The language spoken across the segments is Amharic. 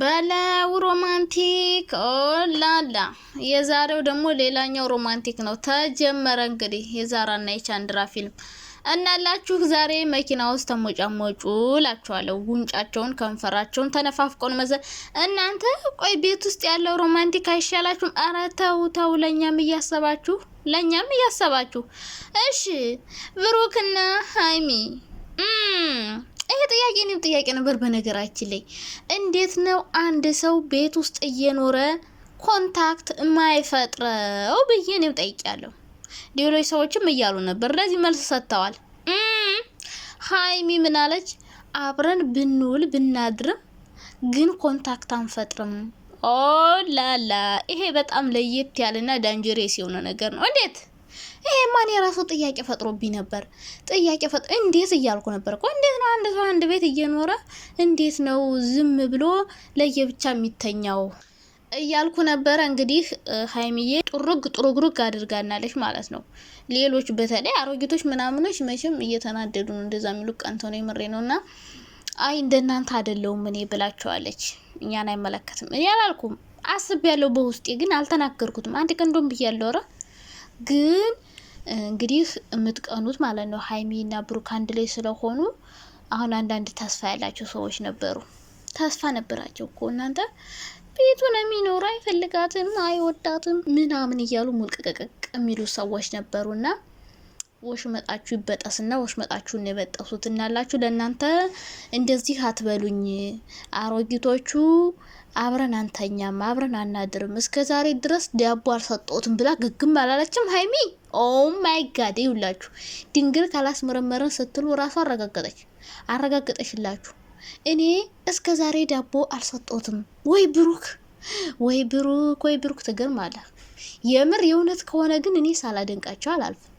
በለው ሮማንቲክ ኦላላ። የዛሬው ደግሞ ሌላኛው ሮማንቲክ ነው። ተጀመረ እንግዲህ የዛራና የቻንድራ ፊልም እናላችሁ ዛሬ መኪና ውስጥ ተሞጫሞጩ ላችኋለሁ። ጉንጫቸውን ከንፈራቸውን ተነፋፍቀውን መዘ እናንተ ቆይ ቤት ውስጥ ያለው ሮማንቲክ አይሻላችሁም? አረ ተው ተው፣ ለእኛም እያሰባችሁ ለእኛም እያሰባችሁ። እሺ ብሩክና ሀይሚ ይሄ ጥያቄ እኔም ጥያቄ ነበር። በነገራችን ላይ እንዴት ነው አንድ ሰው ቤት ውስጥ እየኖረ ኮንታክት የማይፈጥረው ብዬ እኔም ጠይቄያለሁ። ሌሎች ሰዎችም እያሉ ነበር፣ ለዚህ መልስ ሰጥተዋል። ሀይሚ ምናለች? አብረን ብንውል ብናድርም ግን ኮንታክት አንፈጥርም። ላላ ይሄ በጣም ለየት ያለና ዳንጀሬስ የሆነ ነገር ነው። እንዴት ይሄ ማን የራሱ ጥያቄ ፈጥሮብኝ ነበር። ጥያቄ ፈጥ እንዴት እያልኩ ነበር እኮ እንዴት ነው አንድ ሰው አንድ ቤት እየኖረ እንዴት ነው ዝም ብሎ ለየብቻ የሚተኛው እያልኩ ነበረ። እንግዲህ ሀይሚዬ ጥሩግ ጥሩግሩግ አድርጋናለች ማለት ነው። ሌሎች በተለይ አሮጊቶች ምናምኖች መቼም እየተናደዱ ነው እንደዛ የሚሉ ቀንተው ነው። የምሬ ነው እና አይ እንደናንተ አይደለሁም እኔ ብላቸዋለች። እኛን አይመለከትም። እኔ አላልኩም፣ ያለው በውስጤ ግን አልተናገርኩትም። አንድ ቀን እንደውም ብያለሁ ኧረ ግን እንግዲህ የምትቀኑት ማለት ነው ሀይሚ እና ብሩክ አንድ ላይ ስለሆኑ አሁን አንዳንድ ተስፋ ያላቸው ሰዎች ነበሩ። ተስፋ ነበራቸው እኮ እናንተ ቤቱ ነው የሚኖሩ አይፈልጋትም፣ አይወዳትም ምናምን እያሉ ሙልቅቅቅቅ የሚሉ ሰዎች ነበሩና ወሽመጣችሁ ይበጠስና ወሽመጣችሁን የበጠሱት እናላችሁ። ለእናንተ እንደዚህ አትበሉኝ አሮጊቶቹ። አብረን አንተኛም፣ አብረን አናድርም፣ እስከ ዛሬ ድረስ ዳቦ አልሰጠሁትም ብላ ግግም አላለችም ሀይሚ። ኦ ማይ ጋድ ይውላችሁ፣ ድንግል ካላስመረመርን ስትሉ ራሱ አረጋገጠች አረጋገጠችላችሁ። እኔ እስከ ዛሬ ዳቦ አልሰጠሁትም ወይ ብሩክ፣ ወይ ብሩክ፣ ወይ ብሩክ ትግርም የምር የእውነት ከሆነ ግን እኔ ሳላደንቃቸው አላልፍም።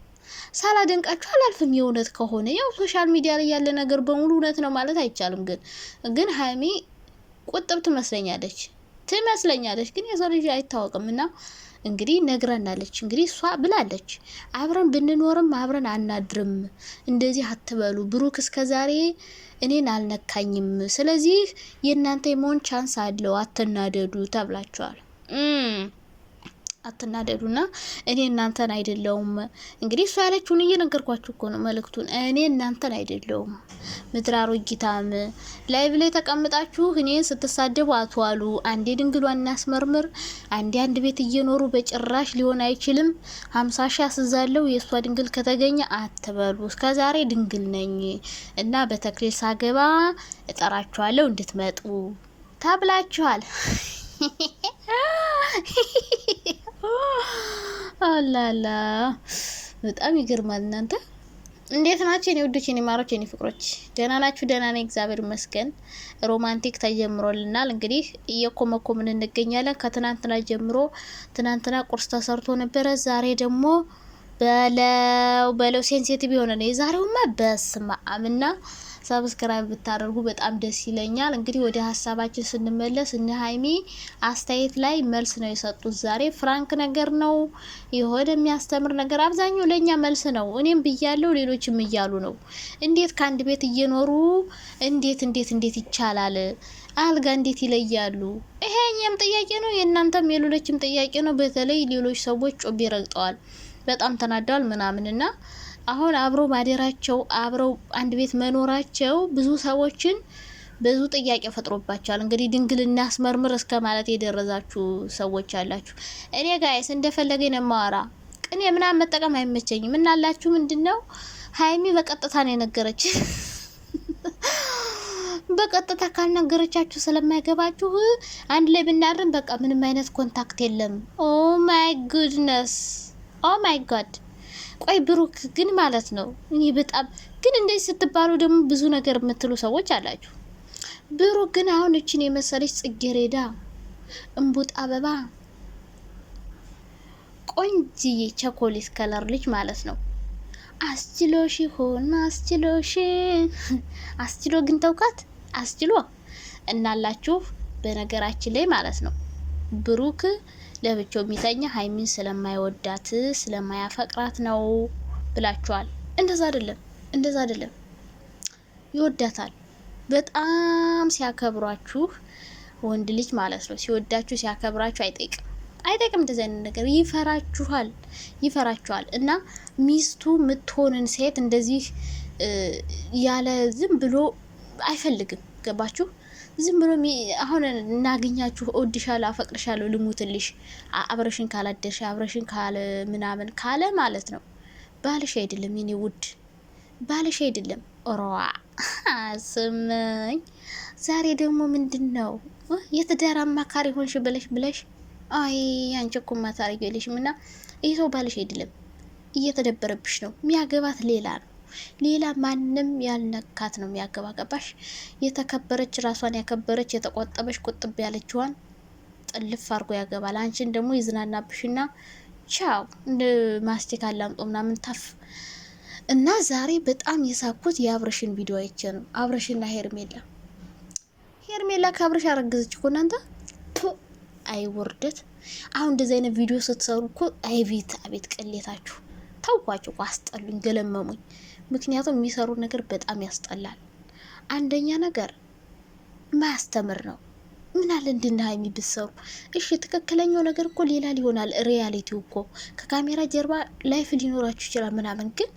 ሳላደንቃችሁ አላልፍም። የእውነት ከሆነ ያው ሶሻል ሚዲያ ላይ ያለ ነገር በሙሉ እውነት ነው ማለት አይቻልም። ግን ግን ሀይሚ ቁጥብ ትመስለኛለች ትመስለኛለች ግን የሰው ልጅ አይታወቅም። እና እንግዲህ ነግረናለች። እንግዲህ እሷ ብላለች፣ አብረን ብንኖርም አብረን አናድርም፣ እንደዚህ አትበሉ። ብሩክ እስከዛሬ እኔን አልነካኝም፣ ስለዚህ የእናንተ የመሆን ቻንስ አለው፣ አትናደዱ ተብላችኋል። አትናደዱና እኔ እናንተን አይደለውም። እንግዲህ እሷ ያለችውን እየነገርኳችሁ እኮ ነው መልእክቱን። እኔ እናንተን አይደለውም። ምድር አሮጊታም ላይ ተቀምጣችሁ እኔን ስትሳደቡ አትዋሉ። አንዴ ድንግሏን እናስመርምር። አንዴ አንድ ቤት እየኖሩ በጭራሽ ሊሆን አይችልም። ሀምሳ ሺ አስዛለው የእሷ ድንግል ከተገኘ አትበሉ። ዛሬ ድንግል ነኝ እና በተክሊል ሳገባ እጠራችኋለሁ እንድትመጡ ተብላችኋል። አላላ በጣም ይገርማል። እናንተ እንዴት ናችሁ? የኔ ውዶች፣ የኔ ማሮች፣ የኔ ፍቅሮች ደህና ናችሁ? ደህና ነኝ እግዚአብሔር ይመስገን። ሮማንቲክ ተጀምሮልናል። እንግዲህ እየኮመኮምን እንገኛለን። ከትናንትና ጀምሮ ትናንትና ቁርስ ተሰርቶ ነበረ። ዛሬ ደግሞ በለው በለው ሴንሲቲቭ የሆነ ነው የዛሬውማ። በስመ አብ እና ሰብስክራይብ ብታደርጉ በጣም ደስ ይለኛል። እንግዲህ ወደ ሀሳባችን ስንመለስ እነ ሀይሚ አስተያየት ላይ መልስ ነው የሰጡት ዛሬ። ፍራንክ ነገር ነው የሆነ የሚያስተምር ነገር አብዛኛው ለእኛ መልስ ነው። እኔም ብያለው፣ ሌሎችም እያሉ ነው። እንዴት ከአንድ ቤት እየኖሩ እንዴት እንዴት እንዴት ይቻላል? አልጋ እንዴት ይለያሉ? ይሄ እኛም ጥያቄ ነው፣ የእናንተም የሌሎችም ጥያቄ ነው። በተለይ ሌሎች ሰዎች ጮቤ ረግጠዋል። በጣም ተናደዋል ምናምን እና አሁን አብረው ማደራቸው አብረው አንድ ቤት መኖራቸው ብዙ ሰዎችን ብዙ ጥያቄ ፈጥሮባቸዋል። እንግዲህ ድንግልና አስመርምር እስከ ማለት የደረዛችሁ ሰዎች አላችሁ። እኔ ጋይስ እንደፈለገኝ ነው የማወራ። ቅኔ ምናምን መጠቀም አይመቸኝም። እናላችሁ ምንድን ነው ሀይሚ በቀጥታ ነው የነገረች በቀጥታ ካልነገረቻችሁ ስለማይገባችሁ አንድ ላይ ብናድርም በቃ ምንም አይነት ኮንታክት የለም። ኦ ማይ ጉድነስ ኦ ማይ ጋድ ቆይ ብሩክ ግን ማለት ነው እኔ በጣም ግን እንደዚህ ስትባሉ ደግሞ ብዙ ነገር የምትሉ ሰዎች አላችሁ። ብሩክ ግን አሁን እችን የመሰለች ጽጌሬዳ እምቡጥ አበባ ቆንጅዬ ቸኮሌት ከለር ልጅ ማለት ነው አስችሎሽ ይሆን አስችሎሽ አስችሎ ግን ተውካት አስችሎ እናላችሁ። በነገራችን ላይ ማለት ነው ብሩክ ለብቻው የሚተኛ ሀይሚን ስለማይወዳት ስለማያፈቅራት ነው ብላችኋል። እንደዛ አይደለም፣ እንደዛ አይደለም። ይወዳታል። በጣም ሲያከብሯችሁ ወንድ ልጅ ማለት ነው ሲወዳችሁ ሲያከብራችሁ አይጠይቅም አይጠቅም እንደዚህ አይነት ነገር ይፈራችኋል፣ ይፈራችኋል እና ሚስቱ ምትሆንን ሴት እንደዚህ ያለ ዝም ብሎ አይፈልግም። ገባችሁ? ዝም ብሎ አሁን እናገኛችሁ እወድሻለሁ፣ አፈቅርሻለሁ፣ ልሙትልሽ፣ አብረሽን ካላደርሽ አብረሽን ካለ ምናምን ካለ ማለት ነው ባልሽ አይደለም የኔ ውድ ባልሽ አይደለም። ሮዋ ስመኝ ዛሬ ደግሞ ምንድን ነው የትዳር አማካሪ ሆንሽ ብለሽ ብለሽ አይ አንቺ እኮ ማታረጊ የለሽም እና ይህ ሰው ባልሽ አይደለም፣ እየተደበረብሽ ነው። የሚያገባት ሌላ ነው። ሌላ ማንም ያልነካት ነው የሚያገባ ገባሽ? የተከበረች ራሷን ያከበረች የተቆጠበች ቁጥብ ያለችዋን ጥልፍ አድርጎ ያገባል። አንቺን ደግሞ ይዝናናብሽና ቻው ማስቲካ አላምጦ ምናምን ታፍ እና ዛሬ በጣም የሳኩት የአብረሽን ቪዲዮ አይቼ ነው። አብረሽና ሄርሜላ ሄርሜላ ከአብረሽ አረገዘች እኮ እናንተ። አይወርደት አሁን እንደዚህ አይነት ቪዲዮ ስትሰሩ እኮ አይቤት አቤት ቅሌታችሁ! ታውቋችሁ አስጠሉኝ፣ ገለመሙኝ። ምክንያቱም የሚሰሩ ነገር በጣም ያስጠላል። አንደኛ ነገር ማያስተምር ነው። ምን አለ እንድና ሀይሚ ብትሰሩ። እሺ ትክክለኛው ነገር እኮ ሌላ ሊሆናል። ሪያሊቲው እኮ ከካሜራ ጀርባ ላይፍ ሊኖራችሁ ይችላል ምናምን፣ ግን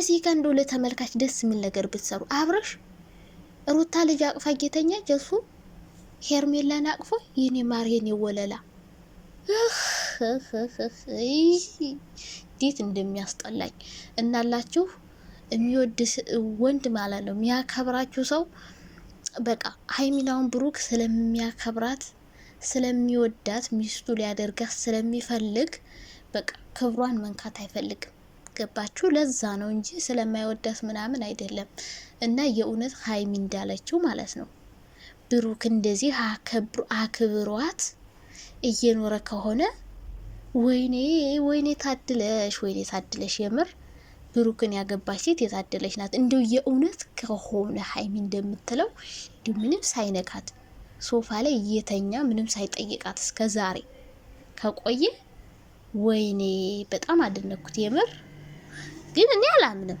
እዚህ ጋር እንደው ለተመልካች ደስ የሚል ነገር ብትሰሩ። አብረሽ ሩታ ልጅ አቅፋ ጌተኛ ጀሱ ሄርሜላን አቅፎ የኔ ማር የኔ ወለላ እንዴት እንደሚያስጠላኝ እናላችሁ። የሚወድ ወንድ ማለት ነው የሚያከብራችሁ ሰው በቃ ሀይሚናውን ብሩክ ስለሚያከብራት ስለሚወዳት ሚስቱ ሊያደርጋት ስለሚፈልግ በቃ ክብሯን መንካት አይፈልግም። ገባችሁ? ለዛ ነው እንጂ ስለማይወዳት ምናምን አይደለም። እና የእውነት ሀይሚ እንዳለችው ማለት ነው ብሩክ እንደዚህ አክብሯት እየኖረ ከሆነ ወይኔ ወይኔ ታድለሽ፣ ወይኔ ታድለሽ የምር ብሩክን ያገባች ሴት የታደለች ናት። እንደው የእውነት ከሆነ ሀይሚ እንደምትለው እንዲሁ ምንም ሳይነካት ሶፋ ላይ እየተኛ ምንም ሳይጠይቃት እስከ ዛሬ ከቆየ ወይኔ በጣም አደነኩት። የምር ግን እኔ አላምንም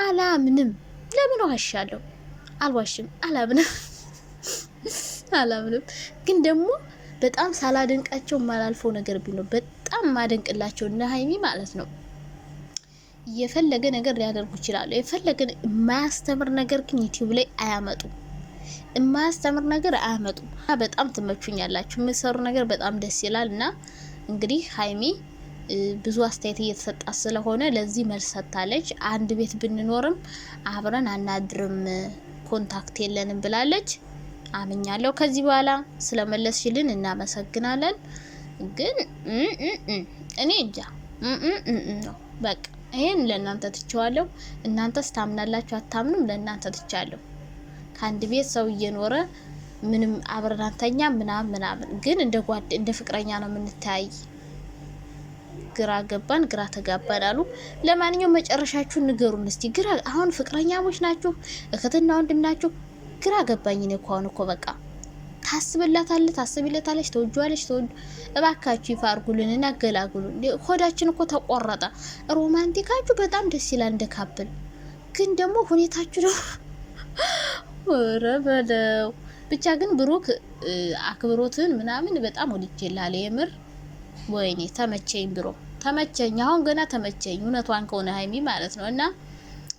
አላምንም። ለምን ዋሻለሁ? አልዋሽም። አላምንም አላምንም። ግን ደግሞ በጣም ሳላደንቃቸው የማላልፈው ነገር ቢኖር በጣም ማደንቅላቸው እነ ሀይሚ ማለት ነው የፈለገ ነገር ሊያደርጉ ይችላሉ። የፈለገ የማያስተምር ነገር ግን ዩቲዩብ ላይ አያመጡም። የማያስተምር ነገር አያመጡም። በጣም ትመቹኛላችሁ። የምትሰሩ ነገር በጣም ደስ ይላል እና እንግዲህ ሀይሚ ብዙ አስተያየት እየተሰጣ ስለሆነ ለዚህ መልስ ሰጥታለች። አንድ ቤት ብንኖርም አብረን አናድርም፣ ኮንታክት የለንም ብላለች። አምኛለሁ። ከዚህ በኋላ ስለመለስሽልን እናመሰግናለን። ግን እኔ እንጃ ነው በቃ ይህን ለእናንተ ትችዋለሁ። እናንተስ ታምናላችሁ አታምኑም? ለእናንተ ትቻለሁ። ከአንድ ቤት ሰው እየኖረ ምንም አብረን አንተኛ ምናምን ምናምን፣ ግን እንደ ጓድ እንደ ፍቅረኛ ነው የምንታያይ። ግራ ገባን፣ ግራ ተጋባን አሉ። ለማንኛውም መጨረሻችሁን ንገሩን እስቲ። ግራ አሁን ፍቅረኛሞች ናችሁ? እህትና ወንድም ናችሁ? ግራ ገባኝ እኔ እኮ አሁን እኮ በቃ ታስብላታለች፣ ታስብለታለች፣ ተወጇለች። ተወጁ እባካችሁ ይፋ አርጉልን እና አገላግሉን። ሆዳችን እኮ ተቆረጠ። ሮማንቲካችሁ በጣም ደስ ይላል እንደ ካፕል፣ ግን ደግሞ ሁኔታችሁ ነው ረበለው። ብቻ ግን ብሩክ አክብሮትን ምናምን በጣም ወድጄላለ። የምር ወይኔ ተመቸኝ፣ ብሮ ተመቸኝ። አሁን ገና ተመቸኝ፣ እውነቷን ከሆነ ሀይሚ ማለት ነው እና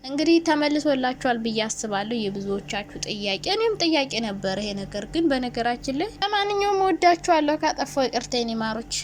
እንግዲህ ተመልሶላችኋል ብዬ አስባለሁ። የብዙዎቻችሁ ጥያቄ እኔም ጥያቄ ነበረ ይሄ ነገር ግን በነገራችን ላይ ለማንኛውም ወዳችኋለሁ። ካጠፋው ይቅርታ የኔ ማሮች።